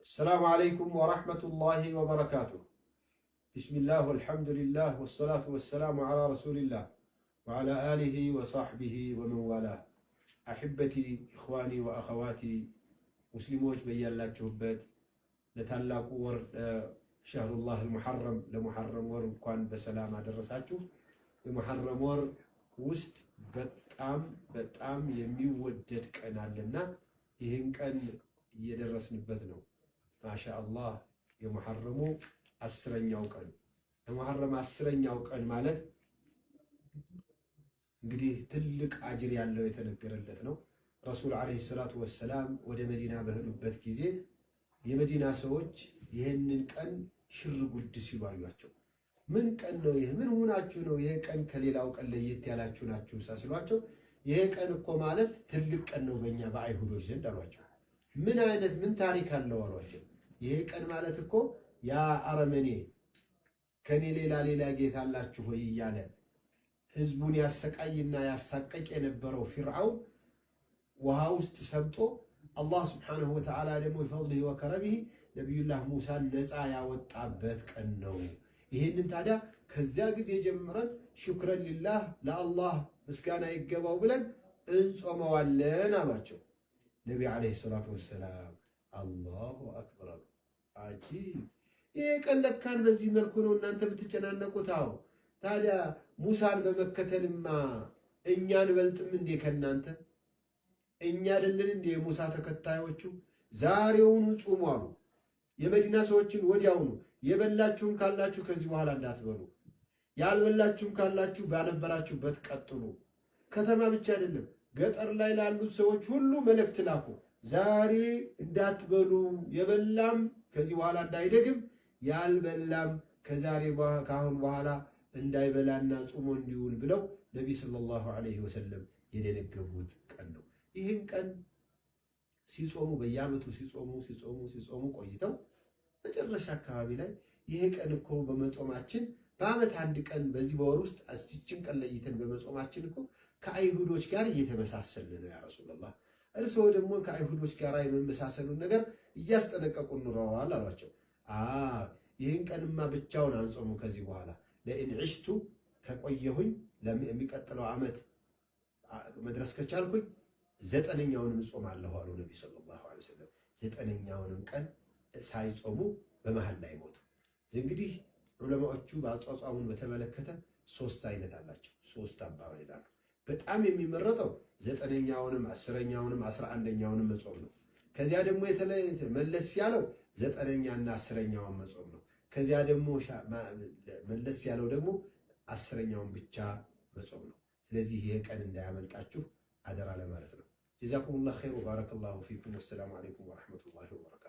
السلام عليكم ورحمة الله وبركاته بسم الله والحمد لله والصلاة والسلام على رسول الله وعلى آله وصحبه ومن والاه أحبتي إخواني وأخواتي مسلموش بيالا تشوبت لتلاقوا ور آه، شهر الله المحرم لمحرم ور كان بسلام درساتكم የመሐረም ወር ውስጥ በጣም በጣም የሚወደድ ቀን አለና ይህን ቀን እየደረስንበት ነው። ማሻአላህ የሙሐረሙ አስረኛው ቀን የሙሐረም አስረኛው ቀን ማለት እንግዲህ ትልቅ አጅር ያለው የተነገረለት ነው። ረሱል ዓለይሂ ሰላቱ ወሰላም ወደ መዲና በሄዱበት ጊዜ የመዲና ሰዎች ይህንን ቀን ሽር ጉድ ሲሉ ምን ቀን ነው ይሄ? ምን ሆናችሁ ነው ይሄ ቀን ከሌላው ቀን ለየት ያላችሁ ናችሁ ሳስሏቸው፣ ይሄ ቀን እኮ ማለት ትልቅ ቀን ነው በእኛ በአይሁዶች ዘንድ አሏቸው። ምን አይነት ምን ታሪክ አለው አሏቸው። ይሄ ቀን ማለት እኮ ያ አረመኔ ከኔ ሌላ ሌላ ጌታ አላችሁ ወይ እያለ ህዝቡን ያሰቃይና ያሳቀቅ የነበረው ፊርዓውን ውሃ ውስጥ ሰምጦ አላህ ስብሓነሁ ወተዓላ ደግሞ ፈድሊሂ ወከረሚሂ ነቢዩላህ ሙሳን ነፃ ያወጣበት ቀን ነው። ይሄንን ታዲያ ከዚያ ጊዜ ጀምረን ሹክረን ሊላህ ለአላህ ምስጋና ይገባው ብለን እንጾመዋለን አሏቸው። ነቢ ዓለይሂ ሰላቱ ወሰላም አላሁ አክበር አሉ። አጂብ ይሄ ቀን ለካን በዚህ መልኩ ነው እናንተ የምትጨናነቁት። አዎ ታዲያ ሙሳን በመከተልማ እኛ በልጥም እንዴ ከእናንተ? እኛ አይደለን እንዴ የሙሳ ተከታዮቹ? ዛሬውኑ ጹሙ አሉ። የመዲና ሰዎችን ወዲያውኑ የበላችሁም ካላችሁ ከዚህ በኋላ እንዳትበሉ፣ ያልበላችሁም ካላችሁ ባነበራችሁበት ቀጥሉ። ከተማ ብቻ አይደለም፣ ገጠር ላይ ላሉት ሰዎች ሁሉ መልእክት ላኩ። ዛሬ እንዳትበሉ፣ የበላም ከዚህ በኋላ እንዳይደግም፣ ያልበላም ከዛሬ ከአሁን በኋላ እንዳይበላና ጾሞ እንዲውል ብለው ነቢ ሰለላሁ ዐለይሂ ወሰለም የደነገቡት ቀን ነው። ይህን ቀን ሲጾሙ በየዓመቱ ሲጾሙ ሲጾሙ ሲጾሙ ቆይተው መጨረሻ አካባቢ ላይ ይሄ ቀን እኮ በመጾማችን በዓመት አንድ ቀን በዚህ በወር ውስጥ አስችችን ቀን ለይተን በመጾማችን እኮ ከአይሁዶች ጋር እየተመሳሰልን ነው ያ ረሱላላህ እርስዎ ደግሞ ከአይሁዶች ጋር የመመሳሰሉን ነገር እያስጠነቀቁ ኑረዋል አሏቸው። ይህን ቀንማ ብቻውን አንጾሙ ከዚህ በኋላ ለኢን ከቆየሁኝ ለሚቀጥለው ዓመት መድረስ ከቻልኩኝ ዘጠነኛውንም እጾማለሁ አሉ ነቢ ሰለላሁ ዐለይሂ ወሰለም። ዘጠነኛውንም ቀን ሳይጾሙ በመሃል ላይ ሞቱ። እንግዲህ ዑለማዎቹ በአጿጿሙን በተመለከተ ሶስት አይነት አላቸው። ሶስት አባባል ይላሉ። በጣም የሚመረጠው ዘጠነኛውንም አስረኛውንም አስራ አንደኛውንም መጾም ነው። ከዚያ ደግሞ መለስ ያለው ዘጠነኛና አስረኛውን መጾም ነው። ከዚያ ደግሞ መለስ ያለው ደግሞ አስረኛውን ብቻ መጾም ነው። ስለዚህ ይሄ ቀን እንዳያመልጣችሁ አደራ ለማለት ነው። ጀዛኩሙላህ ኸይር ባረከላሁ ፊኩም ወሰላሙ አለይኩም ወረሕመቱላሂ ወበረካቱ።